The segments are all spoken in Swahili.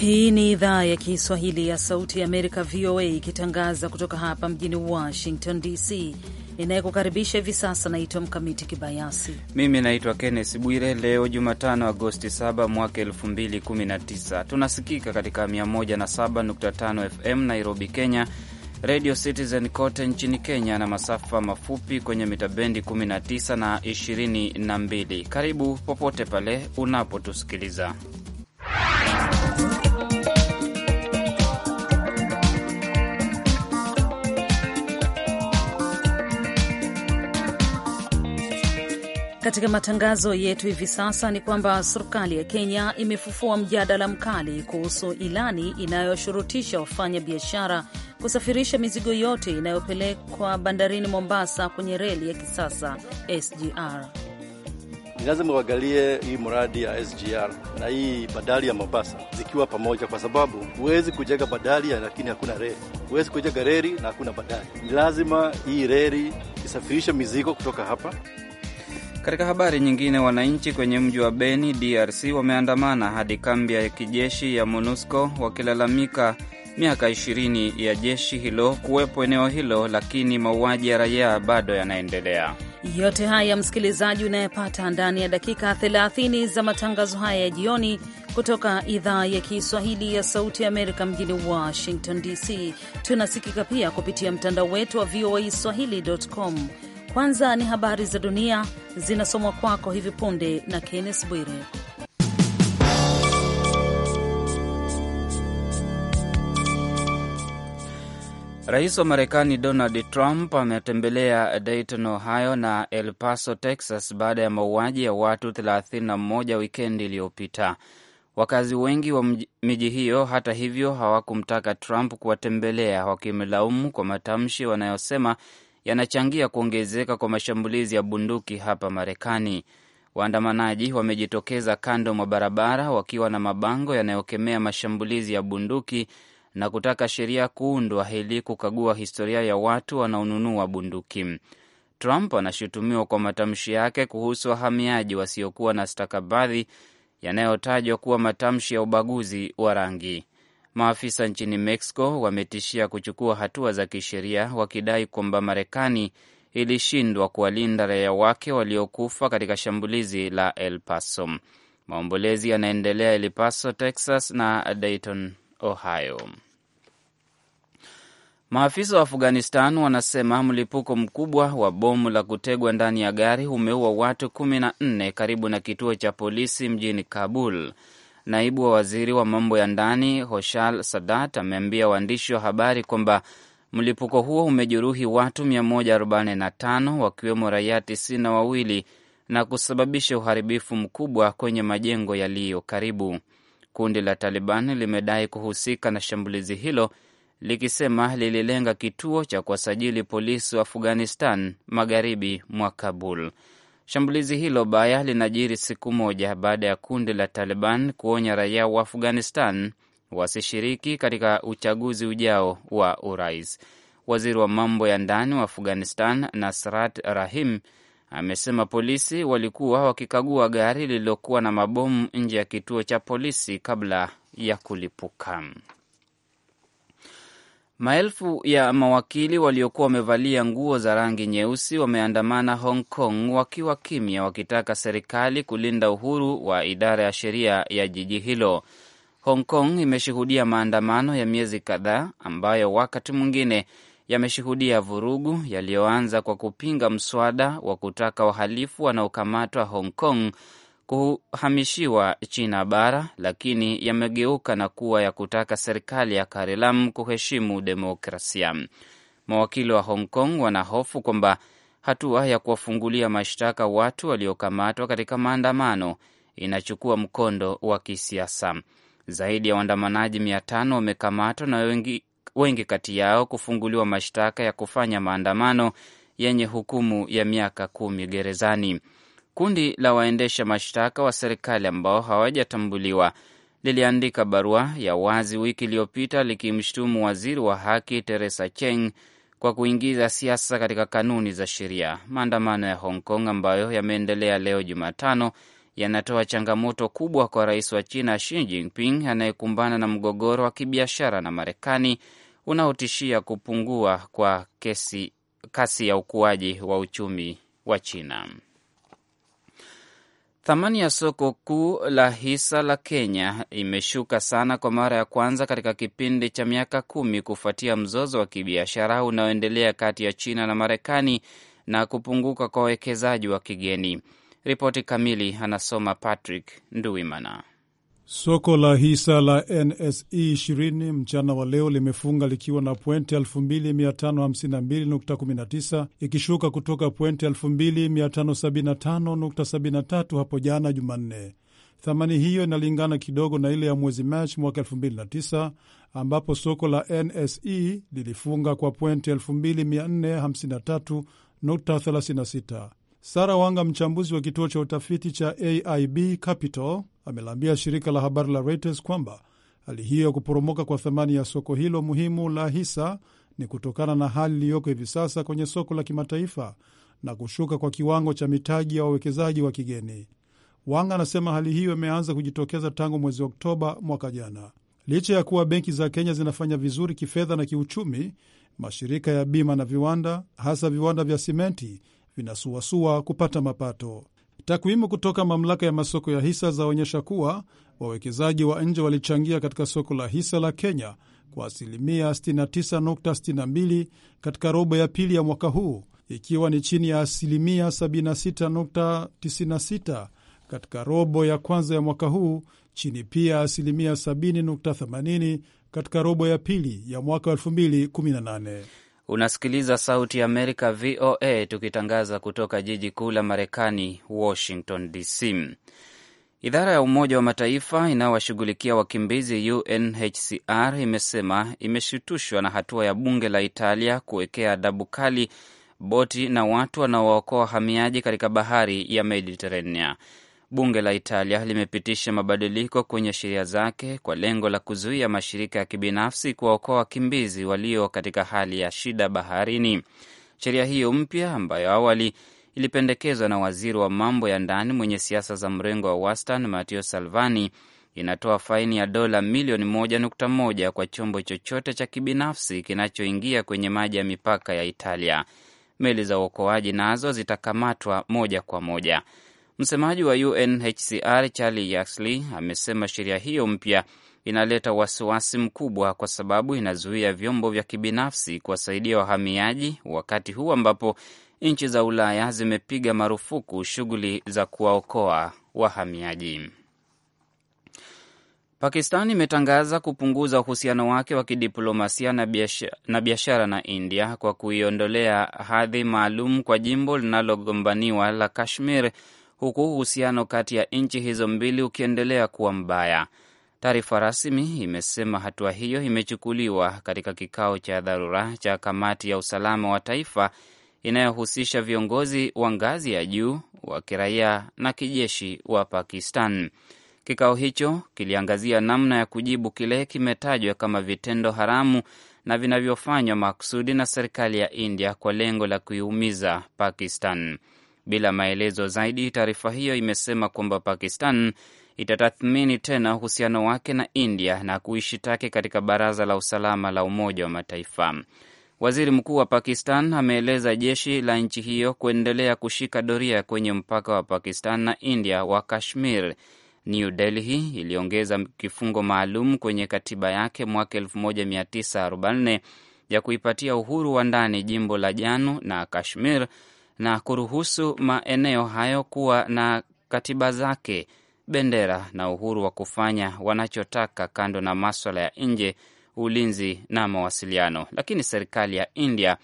Hii ni idhaa ya Kiswahili ya Sauti ya Amerika, VOA, ikitangaza kutoka hapa mjini Washington DC. inayekukaribisha hivi sasa naitwa Mkamiti Kibayasi. Mimi naitwa kennes Bwire. Leo Jumatano, Agosti 7 mwaka 2019, tunasikika katika 107.5 FM Nairobi, Kenya, Radio Citizen kote nchini Kenya, na masafa mafupi kwenye mitabendi 19 na 22. Karibu popote pale unapotusikiliza Katika matangazo yetu hivi sasa ni kwamba serikali ya Kenya imefufua mjadala mkali kuhusu ilani inayoshurutisha wafanya biashara kusafirisha mizigo yote inayopelekwa bandarini Mombasa kwenye reli ya kisasa SGR. Ni lazima uangalie hii mradi ya SGR na hii bandari ya Mombasa zikiwa pamoja, kwa sababu huwezi kujenga bandari lakini hakuna reli, huwezi kujenga reli na hakuna bandari. Ni lazima hii reli isafirishe mizigo kutoka hapa katika habari nyingine, wananchi kwenye mji wa Beni, DRC, wameandamana hadi kambi ya kijeshi ya MONUSCO wakilalamika miaka 20 ya jeshi hilo kuwepo eneo hilo, lakini mauaji ya raia bado yanaendelea. Yote haya msikilizaji unayepata ndani ya dakika 30 za matangazo haya ya jioni kutoka idhaa ya Kiswahili ya Sauti ya Amerika mjini Washington DC. Tunasikika pia kupitia mtandao wetu wa VOA swahili.com kwanza ni habari za dunia zinasomwa kwako hivi punde na Kennes Bwire. Rais wa Marekani Donald Trump ametembelea Dayton, Ohio na El Paso, Texas baada ya mauaji ya watu 31 wikendi iliyopita. Wakazi wengi wa miji hiyo, hata hivyo, hawakumtaka Trump kuwatembelea, wakimlaumu kwa matamshi wanayosema yanachangia kuongezeka kwa mashambulizi ya bunduki hapa Marekani. Waandamanaji wamejitokeza kando mwa barabara wakiwa na mabango yanayokemea mashambulizi ya bunduki na kutaka sheria kuundwa ili kukagua historia ya watu wanaonunua bunduki. Trump anashutumiwa kwa matamshi yake kuhusu wahamiaji wasiokuwa na stakabadhi yanayotajwa kuwa matamshi ya ubaguzi wa rangi. Maafisa nchini Mexico wametishia kuchukua hatua za kisheria wakidai kwamba Marekani ilishindwa kuwalinda raia wake waliokufa katika shambulizi la El Paso. Maombolezi yanaendelea El Paso, Texas na Dayton, Ohio. Maafisa wa Afghanistan wanasema mlipuko mkubwa wa bomu la kutegwa ndani ya gari umeua watu kumi na nne karibu na kituo cha polisi mjini Kabul. Naibu wa waziri wa mambo ya ndani Hoshal Sadat ameambia waandishi wa habari kwamba mlipuko huo umejeruhi watu 145 wakiwemo raia tisini na wawili na kusababisha uharibifu mkubwa kwenye majengo yaliyo karibu. Kundi la Taliban limedai kuhusika na shambulizi hilo likisema lililenga kituo cha kuwasajili polisi wa Afghanistan magharibi mwa Kabul. Shambulizi hilo baya linajiri siku moja baada ya kundi la Taliban kuonya raia wa Afghanistan wasishiriki katika uchaguzi ujao wa urais. Waziri wa mambo ya ndani wa Afghanistan, Nasrat Rahim, amesema polisi walikuwa wakikagua gari lililokuwa na mabomu nje ya kituo cha polisi kabla ya kulipuka. Maelfu ya mawakili waliokuwa wamevalia nguo za rangi nyeusi wameandamana Hong Kong wakiwa kimya, wakitaka serikali kulinda uhuru wa idara ya sheria ya jiji hilo. Hong Kong imeshuhudia maandamano ya miezi kadhaa ambayo wakati mwingine yameshuhudia vurugu yaliyoanza kwa kupinga mswada wa kutaka wahalifu wanaokamatwa Hong Kong kuhamishiwa China bara, lakini yamegeuka na kuwa ya kutaka serikali ya Karelam kuheshimu demokrasia. Mawakili wa Hong Kong wanahofu kwamba hatua ya kuwafungulia mashtaka watu waliokamatwa katika maandamano inachukua mkondo wa kisiasa. Zaidi ya waandamanaji mia tano wamekamatwa na wengi, wengi kati yao kufunguliwa mashtaka ya kufanya maandamano yenye hukumu ya miaka kumi gerezani. Kundi la waendesha mashtaka wa serikali ambao hawajatambuliwa liliandika barua ya wazi wiki iliyopita likimshutumu waziri wa haki Teresa Cheng kwa kuingiza siasa katika kanuni za sheria. Maandamano ya Hong Kong ambayo yameendelea leo Jumatano yanatoa changamoto kubwa kwa rais wa China Xi Jinping anayekumbana na mgogoro wa kibiashara na Marekani unaotishia kupungua kwa kesi, kasi ya ukuaji wa uchumi wa China. Thamani ya soko kuu la hisa la Kenya imeshuka sana kwa mara ya kwanza katika kipindi cha miaka kumi kufuatia mzozo wa kibiashara unaoendelea kati ya China na Marekani na kupunguka kwa wawekezaji wa kigeni. Ripoti kamili anasoma Patrick Nduwimana. Soko la hisa la NSE 20 mchana wa leo limefunga likiwa na pointi 2552.19 ikishuka kutoka pointi 2575.73 hapo jana Jumanne. Thamani hiyo inalingana kidogo na ile ya mwezi Machi mwaka 2009 ambapo soko la NSE lilifunga kwa pointi 2453.36. Sara Wanga, mchambuzi wa kituo cha utafiti cha AIB Capital, ameliambia shirika la habari la Reuters kwamba hali hiyo ya kuporomoka kwa thamani ya soko hilo muhimu la hisa ni kutokana na hali iliyoko hivi sasa kwenye soko la kimataifa na kushuka kwa kiwango cha mitaji ya wawekezaji wa kigeni. Wanga anasema hali hiyo imeanza kujitokeza tangu mwezi Oktoba mwaka jana. Licha ya kuwa benki za Kenya zinafanya vizuri kifedha na kiuchumi, mashirika ya bima na viwanda, hasa viwanda vya simenti, vinasuasua kupata mapato. Takwimu kutoka mamlaka ya masoko ya hisa zaonyesha kuwa wawekezaji wa nje walichangia katika soko la hisa la Kenya kwa asilimia 69.62 katika robo ya pili ya mwaka huu, ikiwa ni chini ya asilimia 76.96 katika robo ya kwanza ya mwaka huu, chini pia asilimia 70.80 katika robo ya pili ya mwaka 2018. Unasikiliza Sauti ya Amerika, VOA, tukitangaza kutoka jiji kuu la Marekani, Washington DC. Idara ya Umoja wa Mataifa inayowashughulikia wakimbizi UNHCR imesema imeshutushwa na hatua ya bunge la Italia kuwekea adabu kali boti na watu wanaookoa wahamiaji katika bahari ya Mediterania. Bunge la Italia limepitisha mabadiliko kwenye sheria zake kwa lengo la kuzuia mashirika ya kibinafsi kuwaokoa wakimbizi walio katika hali ya shida baharini. Sheria hiyo mpya ambayo awali ilipendekezwa na waziri wa mambo ya ndani mwenye siasa za mrengo wa wastani Matteo Salvini inatoa faini ya dola milioni moja nukta moja kwa chombo chochote cha kibinafsi kinachoingia kwenye maji ya mipaka ya Italia. Meli za uokoaji nazo zitakamatwa moja kwa moja. Msemaji wa UNHCR Charlie Yaxley amesema sheria hiyo mpya inaleta wasiwasi mkubwa kwa sababu inazuia vyombo vya kibinafsi kuwasaidia wahamiaji wakati huu ambapo nchi za Ulaya zimepiga marufuku shughuli za kuwaokoa wahamiaji. Pakistan imetangaza kupunguza uhusiano wake wa kidiplomasia na biashara na India kwa kuiondolea hadhi maalum kwa jimbo linalogombaniwa la Kashmir huku uhusiano kati ya nchi hizo mbili ukiendelea kuwa mbaya. Taarifa rasmi imesema hatua hiyo imechukuliwa katika kikao cha dharura cha kamati ya usalama wa taifa inayohusisha viongozi wa ngazi ya juu wa kiraia na kijeshi wa Pakistan. Kikao hicho kiliangazia namna ya kujibu kile kimetajwa kama vitendo haramu na vinavyofanywa makusudi na serikali ya India kwa lengo la kuiumiza Pakistan. Bila maelezo zaidi, taarifa hiyo imesema kwamba Pakistan itatathmini tena uhusiano wake na India na kuishitaki katika Baraza la Usalama la Umoja wa Mataifa. Waziri Mkuu wa Pakistan ameeleza jeshi la nchi hiyo kuendelea kushika doria kwenye mpaka wa Pakistan na India wa Kashmir. New Delhi iliongeza kifungo maalum kwenye katiba yake mwaka 1944 ya kuipatia uhuru wa ndani jimbo la Janu na Kashmir na kuruhusu maeneo hayo kuwa na katiba zake, bendera na uhuru wa kufanya wanachotaka, kando na maswala ya nje, ulinzi na mawasiliano. Lakini serikali ya India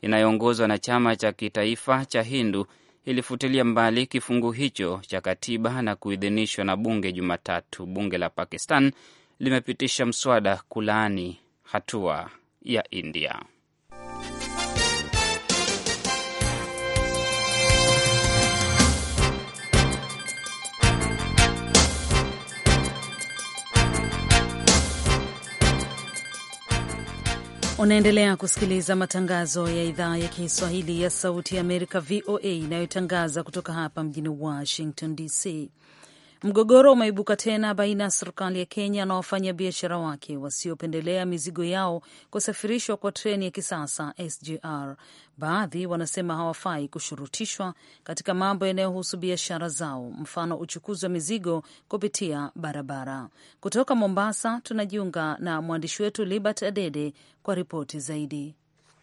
inayoongozwa na chama cha kitaifa cha Hindu ilifutilia mbali kifungu hicho cha katiba na kuidhinishwa na bunge Jumatatu. Bunge la Pakistan limepitisha mswada kulaani hatua ya India. Unaendelea kusikiliza matangazo ya idhaa ya Kiswahili ya Sauti ya Amerika, VOA, inayotangaza kutoka hapa mjini Washington DC. Mgogoro umeibuka tena baina ya serikali ya Kenya na wafanya biashara wake wasiopendelea mizigo yao kusafirishwa kwa treni ya kisasa SGR. Baadhi wanasema hawafai kushurutishwa katika mambo yanayohusu biashara zao, mfano uchukuzi wa mizigo kupitia barabara. Kutoka Mombasa tunajiunga na mwandishi wetu Libert Adede kwa ripoti zaidi.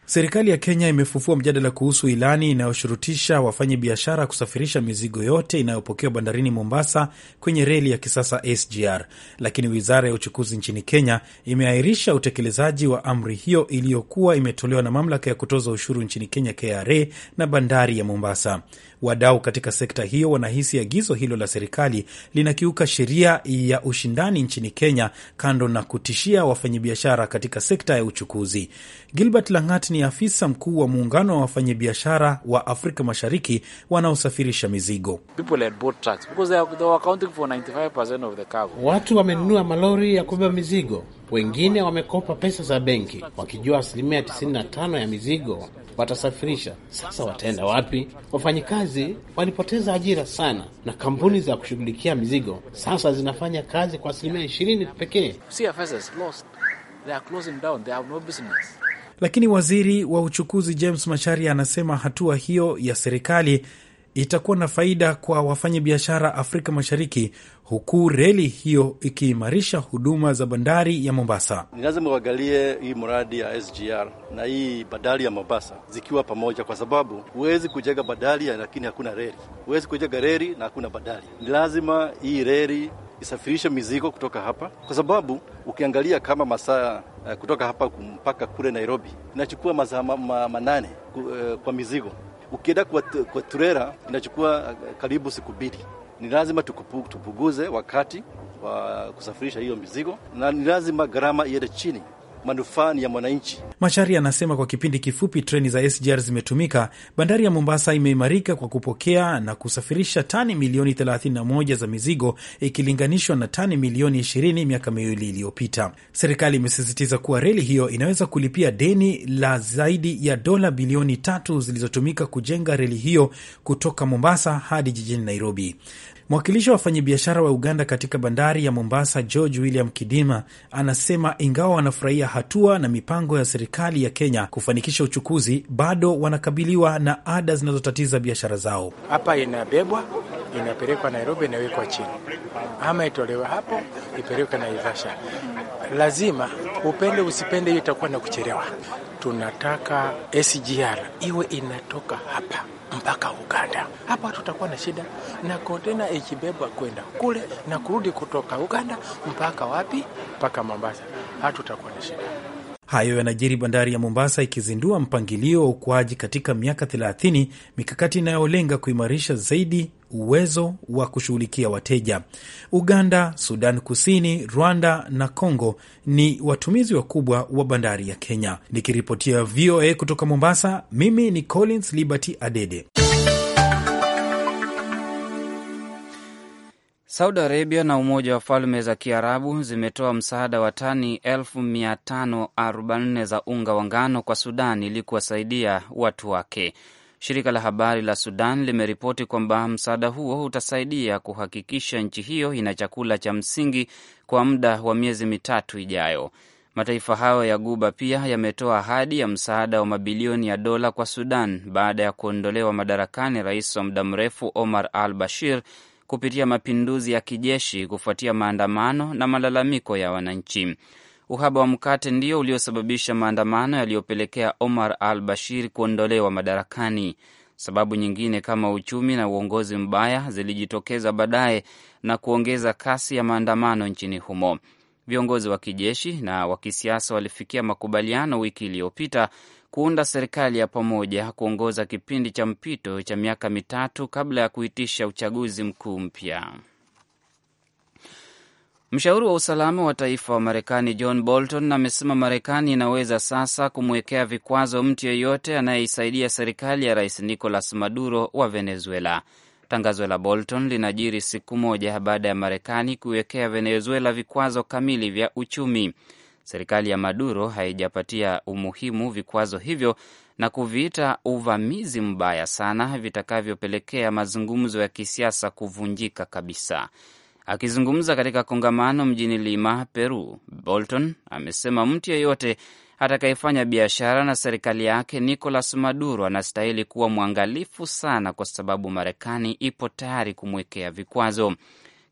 Serikali ya Kenya imefufua mjadala kuhusu ilani inayoshurutisha wafanyi biashara kusafirisha mizigo yote inayopokewa bandarini Mombasa kwenye reli ya kisasa SGR, lakini wizara ya uchukuzi nchini Kenya imeahirisha utekelezaji wa amri hiyo iliyokuwa imetolewa na mamlaka ya kutoza ushuru nchini Kenya, KRA, na bandari ya Mombasa. Wadau katika sekta hiyo wanahisi agizo hilo la serikali linakiuka sheria ya ushindani nchini Kenya, kando na kutishia wafanyabiashara katika sekta ya uchukuzi. Gilbert Langat ni afisa mkuu wa muungano wa wafanyabiashara wa Afrika Mashariki wanaosafirisha mizigo. Watu wamenunua malori ya kubeba mizigo, wengine wamekopa pesa za benki wakijua asilimia 95 ya mizigo watasafirisha. Sasa wataenda wapi? Wafanyikazi walipoteza ajira sana, na kampuni za kushughulikia mizigo sasa zinafanya kazi kwa asilimia ishirini pekee. Lakini waziri wa uchukuzi James Macharia anasema hatua hiyo ya serikali itakuwa na faida kwa wafanyabiashara Afrika Mashariki, huku reli hiyo ikiimarisha huduma za bandari ya Mombasa. Ni lazima uangalie hii mradi ya SGR na hii bandari ya Mombasa zikiwa pamoja, kwa sababu huwezi kujenga bandari lakini hakuna reli, huwezi kujenga reli na hakuna bandari. Ni lazima hii reli isafirishe mizigo kutoka hapa, kwa sababu ukiangalia kama masaa eh, kutoka hapa mpaka kule Nairobi inachukua masaa manane eh, kwa mizigo Ukienda kwa, kwa turera inachukua eh, karibu siku mbili. Ni lazima tupuguze wakati wa kusafirisha hiyo mizigo na ni lazima gharama iende chini manufaa ya mwananchi. Mashari anasema kwa kipindi kifupi treni za SGR zimetumika, bandari ya Mombasa imeimarika kwa kupokea na kusafirisha tani milioni 31 za mizigo ikilinganishwa na tani milioni 20 miaka miwili iliyopita. Serikali imesisitiza kuwa reli hiyo inaweza kulipia deni la zaidi ya dola bilioni tatu zilizotumika kujenga reli hiyo kutoka Mombasa hadi jijini Nairobi. Mwakilishi wa wafanyabiashara wa Uganda katika bandari ya Mombasa, George William Kidima, anasema ingawa wanafurahia hatua na mipango ya serikali ya Kenya kufanikisha uchukuzi, bado wanakabiliwa na ada zinazotatiza biashara zao. Hapa inabebwa inapelekwa Nairobi, inawekwa chini, ama itolewe hapo ipelekwe Naivasha. Lazima upende usipende, hiyo itakuwa na kuchelewa. Tunataka SGR iwe inatoka hapa mpaka Uganda. Hapa tutakuwa na shida na kontena ikibebwa kwenda kule na kurudi kutoka Uganda mpaka wapi? Mpaka Mombasa. Hatutakuwa na shida. Hayo yanajiri bandari ya Mombasa ikizindua mpangilio wa ukuaji katika miaka 30, mikakati inayolenga kuimarisha zaidi uwezo wa kushughulikia wateja. Uganda, Sudan Kusini, Rwanda na Congo ni watumizi wakubwa wa bandari ya Kenya. Nikiripotia VOA kutoka Mombasa, mimi ni Collins Liberty Adede. Saudi Arabia na Umoja wa Falme za Kiarabu zimetoa msaada wa tani 544 za unga wa ngano kwa Sudan ili kuwasaidia watu wake. Shirika la habari la Sudan limeripoti kwamba msaada huo utasaidia kuhakikisha nchi hiyo ina chakula cha msingi kwa muda wa miezi mitatu ijayo. Mataifa hayo ya Guba pia yametoa ahadi ya msaada wa mabilioni ya dola kwa Sudan baada ya kuondolewa madarakani rais wa muda mrefu Omar al Bashir kupitia mapinduzi ya kijeshi kufuatia maandamano na malalamiko ya wananchi. Uhaba wa mkate ndio uliosababisha maandamano yaliyopelekea Omar al Bashir kuondolewa madarakani. Sababu nyingine kama uchumi na uongozi mbaya zilijitokeza baadaye na kuongeza kasi ya maandamano nchini humo. Viongozi wa kijeshi na wa kisiasa walifikia makubaliano wiki iliyopita kuunda serikali ya pamoja kuongoza kipindi cha mpito cha miaka mitatu kabla ya kuitisha uchaguzi mkuu mpya. Mshauri wa usalama wa taifa wa Marekani John Bolton amesema Marekani inaweza sasa kumwekea vikwazo mtu yeyote anayeisaidia serikali ya rais Nicolas Maduro wa Venezuela. Tangazo la Bolton linajiri siku moja baada ya Marekani kuiwekea Venezuela vikwazo kamili vya uchumi. Serikali ya Maduro haijapatia umuhimu vikwazo hivyo na kuviita uvamizi mbaya sana vitakavyopelekea mazungumzo ya kisiasa kuvunjika kabisa. Akizungumza katika kongamano mjini Lima, Peru, Bolton amesema mtu yeyote atakayefanya biashara na serikali yake Nicolas Maduro anastahili kuwa mwangalifu sana, kwa sababu Marekani ipo tayari kumwekea vikwazo.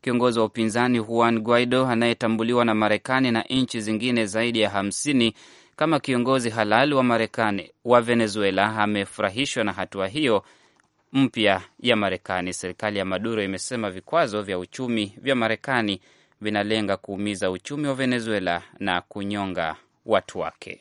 Kiongozi wa upinzani Juan Guaido anayetambuliwa na Marekani na nchi zingine zaidi ya hamsini kama kiongozi halali wa Marekani wa Venezuela amefurahishwa na hatua hiyo mpya ya Marekani. Serikali ya Maduro imesema vikwazo vya uchumi vya Marekani vinalenga kuumiza uchumi wa Venezuela na kunyonga watu wake.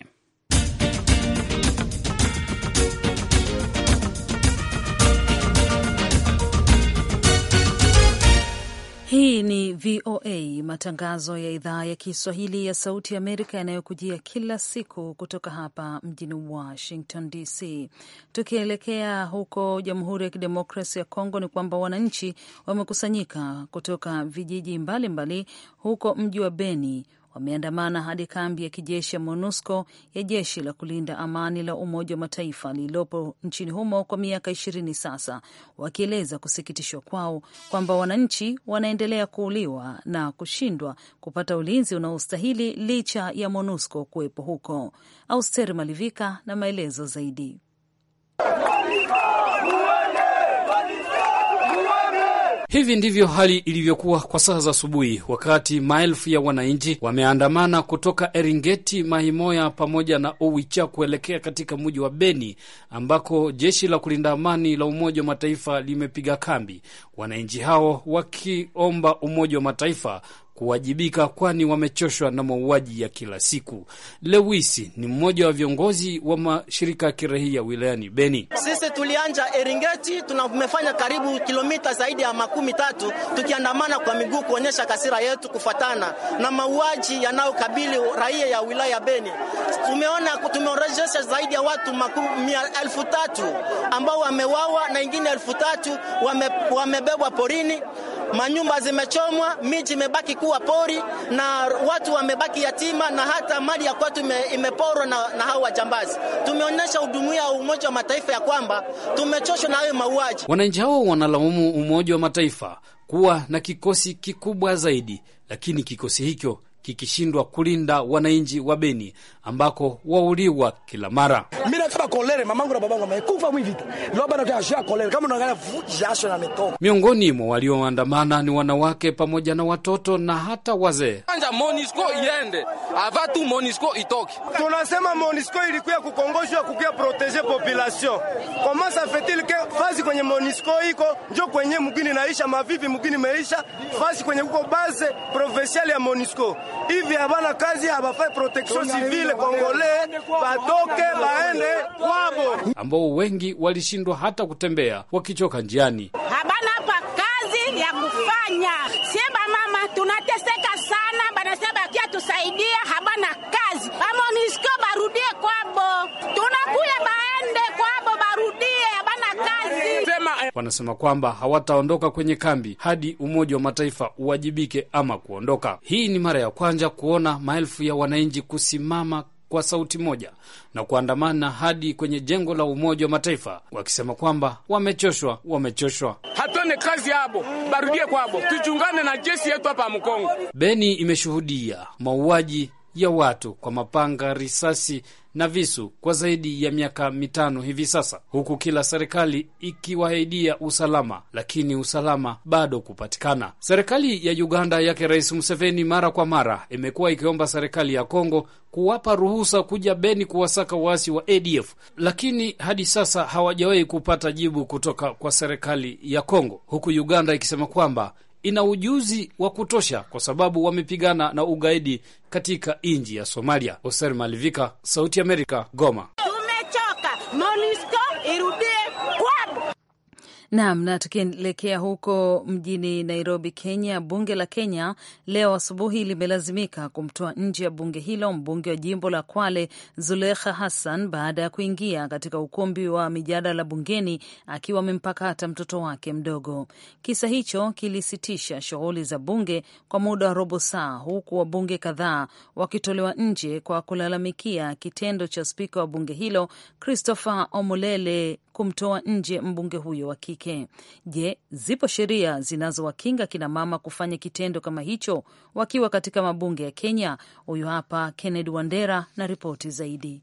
Hii ni VOA, matangazo ya idhaa ya Kiswahili ya Sauti ya Amerika yanayokujia kila siku kutoka hapa mjini Washington DC. Tukielekea huko Jamhuri ya Kidemokrasi ya Kongo, ni kwamba wananchi wamekusanyika kutoka vijiji mbalimbali mbali, huko mji wa Beni wameandamana hadi kambi ya kijeshi ya MONUSCO ya jeshi la kulinda amani la Umoja wa Mataifa lililopo nchini humo kwa miaka ishirini sasa, wakieleza kusikitishwa kwao kwamba wananchi wanaendelea kuuliwa na kushindwa kupata ulinzi unaostahili licha ya MONUSCO kuwepo huko. Auster Malivika na maelezo zaidi. Hivi ndivyo hali ilivyokuwa kwa saa za asubuhi, wakati maelfu ya wananchi wameandamana kutoka Eringeti, Mahimoya pamoja na Owicha kuelekea katika mji wa Beni ambako jeshi la kulinda amani la Umoja wa Mataifa limepiga kambi, wananchi hao wakiomba Umoja wa Mataifa kuwajibika, kwani wamechoshwa na mauaji ya kila siku. Lewisi ni mmoja wa viongozi wa mashirika ya kirahia wilayani Beni. Sisi tulianja Eringeti, tumefanya karibu kilomita zaidi ya makumi tatu tukiandamana kwa miguu kuonyesha kasira yetu kufatana na mauaji yanayokabili raia ya wilaya Beni. Tumeona tumeorejesha zaidi ya watu makumi elfu tatu ambao wamewawa na ingine elfu tatu wame, wamebebwa porini manyumba zimechomwa, miji imebaki kuwa pori na watu wamebaki yatima, na hata mali ya kwatu imeporwa na, na hao wajambazi. Tumeonyesha udumuia wa Umoja wa Mataifa ya kwamba tumechoshwa na hayo mauaji. Wananchi hao wanalaumu Umoja wa Mataifa kuwa na kikosi kikubwa zaidi, lakini kikosi hicho kikishindwa kulinda wananchi wa Beni ambako wauliwa kila mara. Mimi nataka kolere, mamangu na babangu mwivi Loba na kiasha kolere kama unaangalia na metoka. Miongoni mwa walioandamana ni wanawake pamoja na watoto na hata wazee. MONUSCO iende avatu MONUSCO itoke. Tunasema MONUSCO ilikuwa kukongoshwa kukia protege population. Koma sa fetile ke fazi kwenye MONUSCO iko njo kwenye mugini naisha mavivi mugini meisha fazi kwenye kuko base provinciale ya MONUSCO. Hivi habana kazi habafai protection civile kongole batoke baende kwabo. Ambao wengi walishindwa hata kutembea wakichoka njiani. Habana hapa kazi ya kufanya. Siemba mama tunatesa wanasema akiatusaidia habana kazi, Bamonisco barudie kwabo, tunakuya baende kwabo, barudie habana kazi. Eh, wanasema kwamba hawataondoka kwenye kambi hadi Umoja wa Mataifa uwajibike ama kuondoka. Hii ni mara ya kwanza kuona maelfu ya wananchi kusimama kwa sauti moja na kuandamana hadi kwenye jengo la Umoja wa Mataifa wakisema kwamba wamechoshwa, wamechoshwa, hatone kazi yabo, barudie kwabo, tuchungane na jeshi yetu hapa Mkongo. Beni imeshuhudia mauaji ya watu kwa mapanga, risasi na visu kwa zaidi ya miaka mitano hivi sasa, huku kila serikali ikiwaahidia usalama, lakini usalama bado kupatikana. Serikali ya Uganda yake Rais Museveni mara kwa mara imekuwa ikiomba serikali ya Kongo kuwapa ruhusa kuja Beni kuwasaka waasi wa ADF, lakini hadi sasa hawajawahi kupata jibu kutoka kwa serikali ya Kongo, huku Uganda ikisema kwamba ina ujuzi wa kutosha, kwa sababu wamepigana na ugaidi katika nchi ya Somalia. oser Malivika, Sauti Amerika, Goma. Tumechoka, MONUSCO irudi Naam, na tukielekea huko mjini Nairobi, Kenya, bunge la Kenya leo asubuhi limelazimika kumtoa nje ya bunge hilo mbunge wa jimbo la Kwale Zulekha Hassan baada ya kuingia katika ukumbi wa mijadala bungeni akiwa amempakata mtoto wake mdogo. Kisa hicho kilisitisha shughuli za bunge kwa muda wa robo saa, huku wabunge kadhaa wakitolewa nje kwa kulalamikia kitendo cha spika wa bunge hilo Christopher Omulele kumtoa nje mbunge huyo wa kike. Je, zipo sheria zinazowakinga kinamama kufanya kitendo kama hicho wakiwa katika mabunge ya Kenya? Huyu hapa Kennedy Wandera na ripoti zaidi.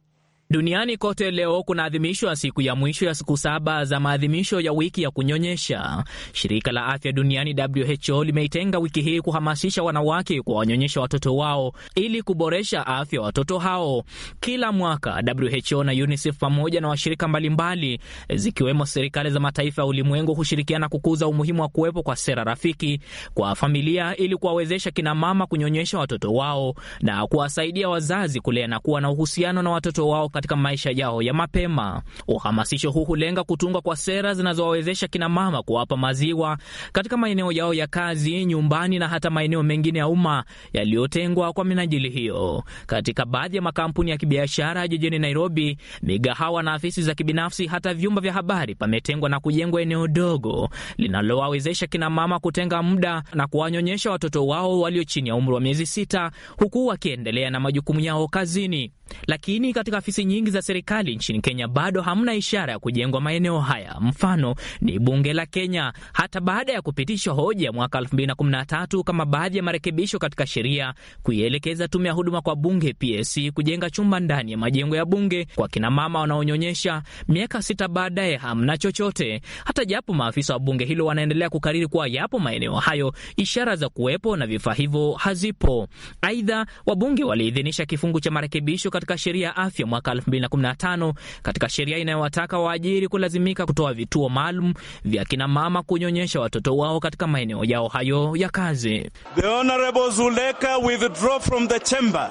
Duniani kote leo kunaadhimishwa siku ya mwisho ya siku saba za maadhimisho ya wiki ya kunyonyesha. Shirika la afya duniani WHO limeitenga wiki hii kuhamasisha wanawake kuwanyonyesha watoto wao ili kuboresha afya watoto hao. Kila mwaka WHO na UNICEF pamoja na washirika mbalimbali zikiwemo serikali za mataifa ya ulimwengu hushirikiana kukuza umuhimu wa kuwepo kwa sera rafiki kwa familia ili kuwawezesha kinamama kunyonyesha watoto wao na kuwasaidia wazazi kulea na kuwa na uhusiano na watoto wao katika maisha yao ya mapema. Uhamasisho huu hulenga kutungwa kwa sera zinazowawezesha kinamama kuwapa maziwa katika maeneo yao ya kazi, nyumbani na hata maeneo mengine ya umma yaliyotengwa kwa minajili hiyo. Katika baadhi ya makampuni ya kibiashara jijini Nairobi, migahawa na afisi za kibinafsi, hata vyumba vya habari, pametengwa na kujengwa eneo dogo linalowawezesha kinamama kutenga muda na kuwanyonyesha watoto wao walio chini ya umri wa miezi sita, huku wakiendelea na majukumu yao kazini. Lakini katika afisi nyingi za serikali nchini Kenya bado hamna ishara ya kujengwa maeneo haya. Mfano ni bunge la Kenya. Hata baada ya kupitishwa hoja ya mwaka 2013 kama baadhi ya marekebisho katika sheria kuielekeza tume ya huduma kwa bunge PSC kujenga chumba ndani ya majengo ya bunge kwa kinamama wanaonyonyesha, miaka sita baadaye hamna chochote, hata japo maafisa wa bunge hilo wanaendelea kukariri kuwa yapo maeneo hayo, ishara za kuwepo na vifaa hivyo hazipo. Aidha, wabunge waliidhinisha kifungu cha marekebisho katika sheria ya afya mwaka 2015 katika sheria inayowataka waajiri kulazimika kutoa vituo maalum vya kina mama kunyonyesha watoto wao katika maeneo yao hayo ya kazi. The Honorable Zuleka withdraw from the chamber.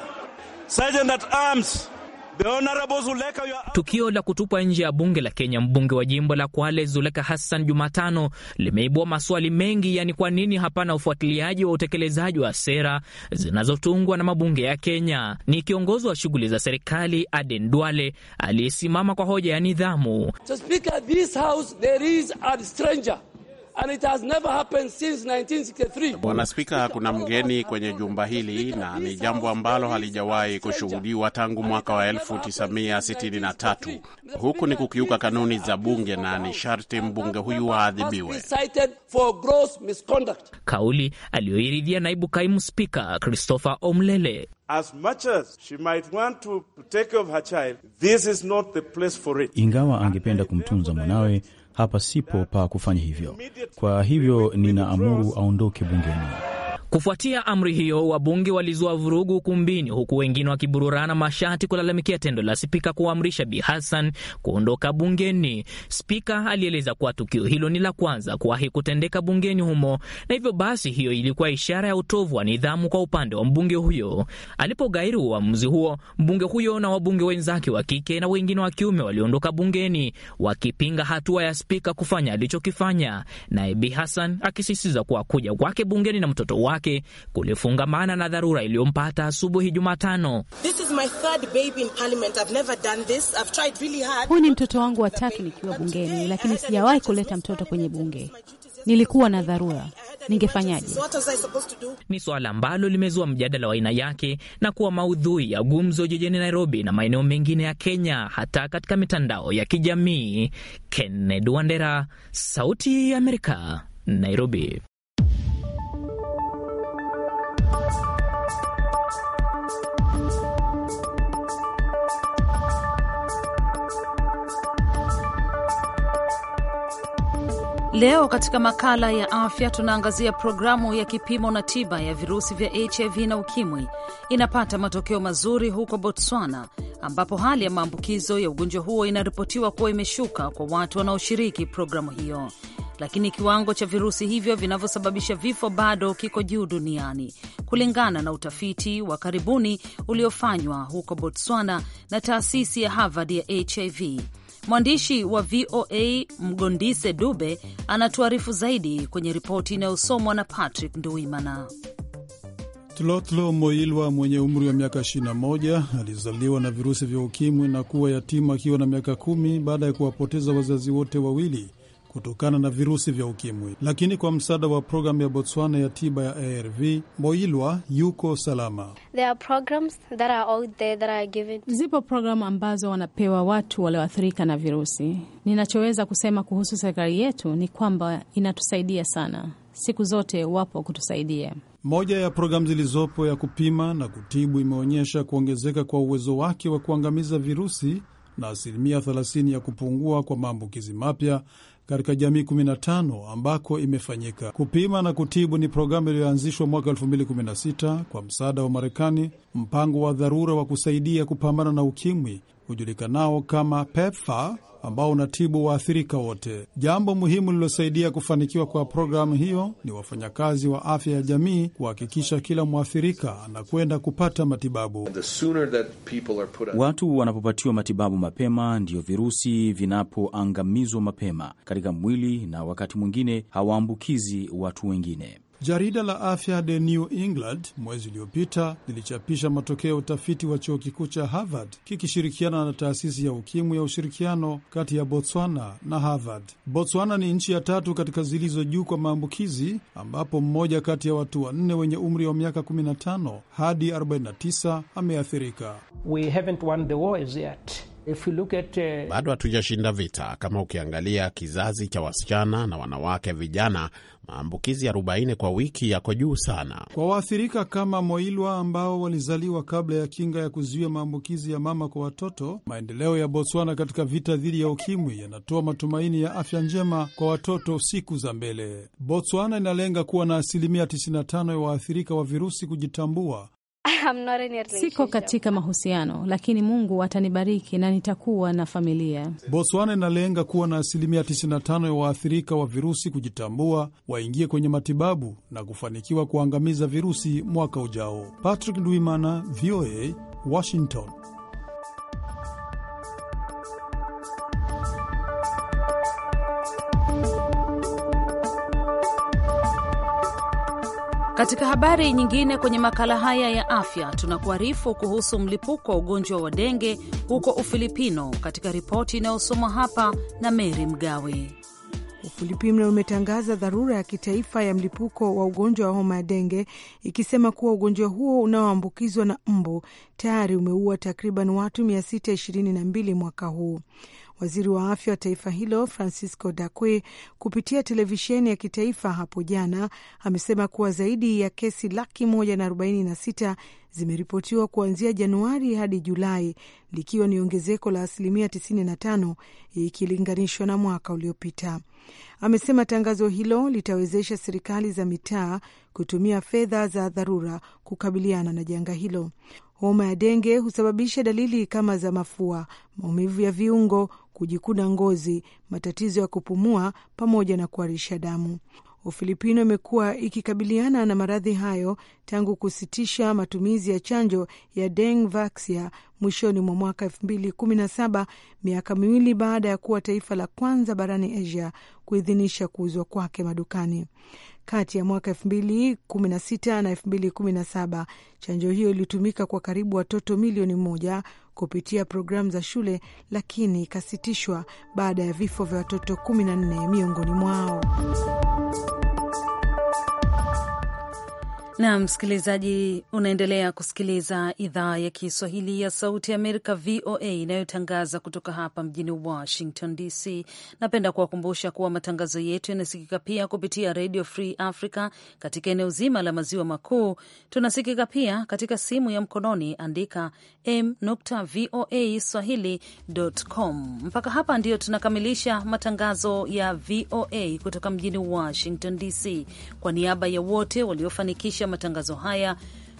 Sergeant at arms Tukio la kutupwa nje ya bunge la Kenya mbunge wa jimbo la Kwale Zuleka Hassan Jumatano limeibua maswali mengi, yani kwa nini hapana ufuatiliaji wa utekelezaji wa sera zinazotungwa na mabunge ya Kenya? Ni kiongozi wa shughuli za serikali Aden Duale aliyesimama kwa hoja ya nidhamu. So speaker, this house, there is a stranger and it has never happened since 1963. Bwana Spika, kuna mgeni kwenye jumba hili na ni jambo ambalo halijawahi kushuhudiwa tangu mwaka wa 1963. Huku ni kukiuka kanuni za bunge na ni sharti mbunge huyu aadhibiwe. Kauli aliyoiridhia naibu kaimu spika Christopher Omlele. Ingawa angependa kumtunza mwanawe hapa sipo pa kufanya hivyo. Kwa hivyo ninaamuru aondoke bungeni. Kufuatia amri hiyo, wabunge walizua vurugu ukumbini, huku wengine wakibururana mashati kulalamikia tendo la spika kuamrisha Bi Hassan kuondoka bungeni. Spika alieleza kuwa tukio hilo ni la kwanza kuwahi kutendeka bungeni humo, na hivyo basi hiyo ilikuwa ishara ya utovu wa nidhamu kwa upande wa mbunge huyo. Alipogairi uamuzi huo, mbunge huyo na wabunge wenzake wa kike na wengine wa kiume waliondoka bungeni wakipinga hatua ya spika kufanya alichokifanya, naye Bi Hassan akisisitiza kuwa kuja kwake bungeni na mtoto wake wake kulifungamana na dharura iliyompata asubuhi Jumatano. Huyu ni mtoto wangu wa tatu nikiwa bungeni, lakini sijawahi kuleta mtoto kwenye bunge. Nilikuwa na dharura, ningefanyaje? Ni suala ambalo limezua mjadala wa aina yake na kuwa maudhui ya gumzo jijini Nairobi na maeneo mengine ya Kenya, hata katika mitandao ya kijamii. Kenneth Wandera, Sauti ya Amerika, Nairobi. Leo katika makala ya afya tunaangazia programu ya kipimo na tiba ya virusi vya HIV na ukimwi inapata matokeo mazuri huko Botswana, ambapo hali ya maambukizo ya ugonjwa huo inaripotiwa kuwa imeshuka kwa watu wanaoshiriki programu hiyo, lakini kiwango cha virusi hivyo vinavyosababisha vifo bado kiko juu duniani, kulingana na utafiti wa karibuni uliofanywa huko Botswana na taasisi ya Harvard ya HIV. Mwandishi wa VOA Mgondise Dube anatuarifu zaidi kwenye ripoti inayosomwa na Patrick Nduimana. Tlotlo Moilwa mwenye umri wa miaka 21 alizaliwa na virusi vya ukimwi na kuwa yatima akiwa na miaka kumi baada ya kuwapoteza wazazi wote wawili kutokana na virusi vya ukimwi, lakini kwa msaada wa programu ya Botswana ya tiba ya ARV mboilwa yuko salama. There are programs that are out there that are given. Zipo programu ambazo wanapewa watu walioathirika na virusi. Ninachoweza kusema kuhusu serikali yetu ni kwamba inatusaidia sana, siku zote wapo kutusaidia. Moja ya programu zilizopo ya kupima na kutibu imeonyesha kuongezeka kwa uwezo wake wa kuangamiza virusi na asilimia 30 ya kupungua kwa maambukizi mapya katika jamii 15 ambako imefanyika. Kupima na kutibu ni programu iliyoanzishwa mwaka 2016 kwa msaada wa Marekani, mpango wa dharura wa kusaidia kupambana na ukimwi hujulikanao kama PEPFAR ambao unatibu waathirika wote. Jambo muhimu lililosaidia kufanikiwa kwa programu hiyo ni wafanyakazi wa afya ya jamii kuhakikisha kila mwathirika anakwenda kupata matibabu. Watu wanapopatiwa matibabu mapema, ndiyo virusi vinapoangamizwa mapema katika mwili, na wakati mwingine hawaambukizi watu wengine. Jarida la afya The New England mwezi uliopita lilichapisha matokeo ya utafiti wa chuo kikuu cha Harvard kikishirikiana na taasisi ya ukimwi ya ushirikiano kati ya Botswana na Harvard. Botswana ni nchi ya tatu katika zilizo juu kwa maambukizi, ambapo mmoja kati ya watu wanne wenye umri wa miaka 15 hadi 49 ameathirika. We haven't won the yet at... Eh, bado hatujashinda vita. Kama ukiangalia kizazi cha wasichana na wanawake vijana, maambukizi 40 kwa wiki yako juu sana. Kwa waathirika kama Moilwa ambao walizaliwa kabla ya kinga ya kuzuia maambukizi ya mama kwa watoto, maendeleo ya Botswana katika vita dhidi ya ukimwi yanatoa matumaini ya afya njema kwa watoto siku za mbele. Botswana inalenga kuwa na asilimia 95 ya waathirika wa virusi kujitambua Siko katika mahusiano lakini Mungu atanibariki na nitakuwa na familia. Botswana inalenga kuwa na asilimia 95 ya waathirika wa virusi kujitambua, waingie kwenye matibabu na kufanikiwa kuangamiza virusi mwaka ujao. Patrick Duimana, VOA, Washington. Katika habari nyingine, kwenye makala haya ya afya, tunakuarifu kuhusu mlipuko wa ugonjwa wa denge huko Ufilipino, katika ripoti inayosomwa hapa na Meri Mgawe. Ufilipino umetangaza dharura ya kitaifa ya mlipuko wa ugonjwa wa homa ya denge, ikisema kuwa ugonjwa huo unaoambukizwa na mbu tayari umeua takriban watu 622 mwaka huu. Waziri wa afya wa taifa hilo Francisco Dakwe, kupitia televisheni ya kitaifa hapo jana, amesema kuwa zaidi ya kesi laki moja na arobaini na sita zimeripotiwa kuanzia Januari hadi Julai, likiwa ni ongezeko la asilimia 95 ikilinganishwa na mwaka uliopita. Amesema tangazo hilo litawezesha serikali za mitaa kutumia fedha za dharura kukabiliana na janga hilo. Homa ya denge husababisha dalili kama za mafua, maumivu ya viungo, kujikuna ngozi, matatizo ya kupumua pamoja na kuharisha damu. Ufilipino imekuwa ikikabiliana na maradhi hayo tangu kusitisha matumizi ya chanjo ya Dengvaxia mwishoni mwa mwaka saba, miaka miwili baada ya kuwa taifa la kwanza barani Asia kuidhinisha kuuzwa kwake madukani kati ya mwaka 2016 na 2017. Chanjo hiyo ilitumika kwa karibu watoto milioni moja kupitia programu za shule, lakini ikasitishwa baada ya vifo vya watoto 14 miongoni mwao. na msikilizaji, unaendelea kusikiliza idhaa ya Kiswahili ya Sauti ya Amerika, VOA, inayotangaza kutoka hapa mjini Washington DC. Napenda kuwakumbusha kuwa matangazo yetu yanasikika pia kupitia Radio Free Africa katika eneo zima la maziwa makuu. Tunasikika pia katika simu ya mkononi, andika m.voa swahili.com. Mpaka hapa ndiyo tunakamilisha matangazo ya VOA kutoka mjini Washington DC. Kwa niaba ya wote waliofanikisha matangazo haya.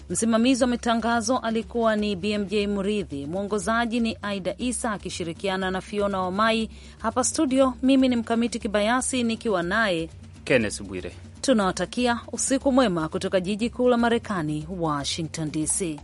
Msimamizi wa matangazo alikuwa ni BMJ Muridhi, mwongozaji ni Aida Isa akishirikiana na Fiona Wamai. Hapa studio, mimi ni Mkamiti Kibayasi nikiwa naye Kenneth Bwire. Tunawatakia usiku mwema kutoka jiji kuu la Marekani, Washington DC.